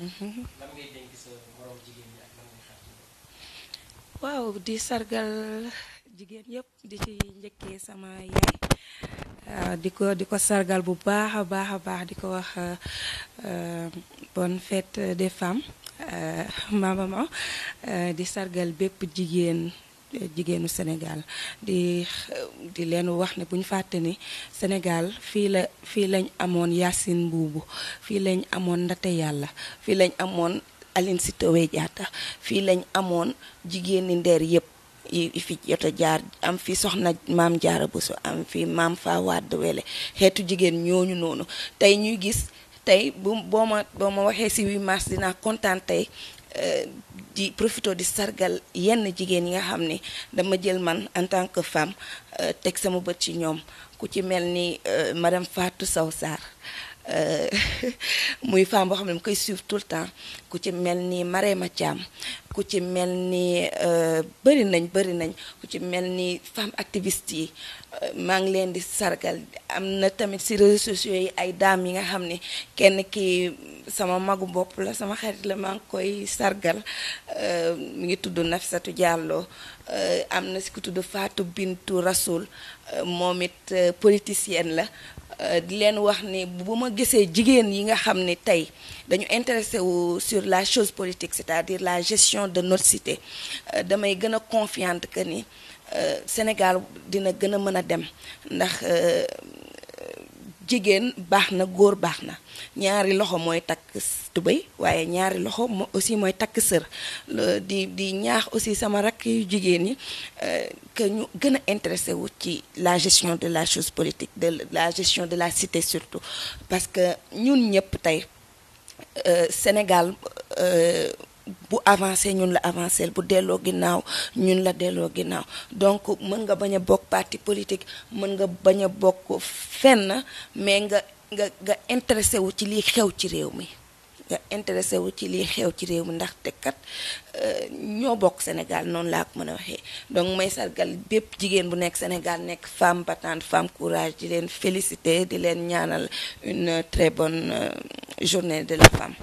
lan ngay dénk sa jigéen ñi waaw di sargal jigéen yëpp di ci njëkkee sama yaay ah, di ko di ko sargal bu baax a baax a baax di ko wax ah, ah, bonne fête des femmes maman di sargal bépp jigéen jigéenu Sénégal di di leen wax ne bu ñu fàtte ni Sénégal fii la fii lañ amoon Yacine Mbuubu fii lañ amoon Ndate Yàlla fii lañ amoon Aline Sitoé Diatta fii lañ amoon jigéeni ndeer yëpp yi fi jot a jaar am fi soxna maam Jaara Buso am fi maam Faa Wàdd Wele xeetu jigéen ñooñu noonu tey ñuy gis tey bu boo ma boo ma waxee si 8 mars dinaa kontaan tey Euh, di profito di sargal yenn jigéen yi nga xam ni dama jël man en tant que femme euh, teg sama bët ci ñoom ku ci mel ni euh, madame fàttu Sow Sarr Euh, muy fem boo xam ne mu koy suivre tout le temps ku ci mel ni Marema Thiam ku ci mel ni euh, bëri nañ bëri nañ ku ci mel ni femme activiste yi euh, maa ngi leen di sargal am na tamit ci réseaux sociaux yi ay dames yi nga xam ne kenn ki sama magu bopp la sama xarit la maa ngi koy sargal mu ngi tudd Nafisatu Diallo am na ci ku tudd Fatou Bintou Rasoul moom it politicienne la Euh, leen wax ne bu ma gisee jigéen yi nga xam ne tey dañu intéressé wu sur la chose politique c'est-à-dire la gestion de notre cité euh, damay gën a confiante que ni euh, Sénégal dina gën a mën a dem ndax jigéen baax na góor baax na ñaari loxo mooy takk tubéy waaye ñaari loxo mo aussi mooy takk sër di di ñaax aussi sama rakk yu jigéen ñi euh, que ñu gën a intéressé wu ci la gestion de la chose politique de la gestion de la cité surtout parce que ñun ñëpp tey euh, Sénégal euh, bu avancé ñun la avancé bu delloo ginnaaw ñun la delloo ginnaaw donc mën nga bañ a bokk parti politique mën nga bañ a bokk fenn mais nga nga nga intéressé wu ci liy xew ci réew mi nga intéressé wu ci liy xew ci réew mi ndax ndaxte kat euh, ñoo bokk Sénégal noonu laa ko mën a waxee donc may sargal bépp jigéen bu nekk Sénégal nekk femme battante femme courage di leen féliciter di leen ñaanal une très bonne euh, journée de la femme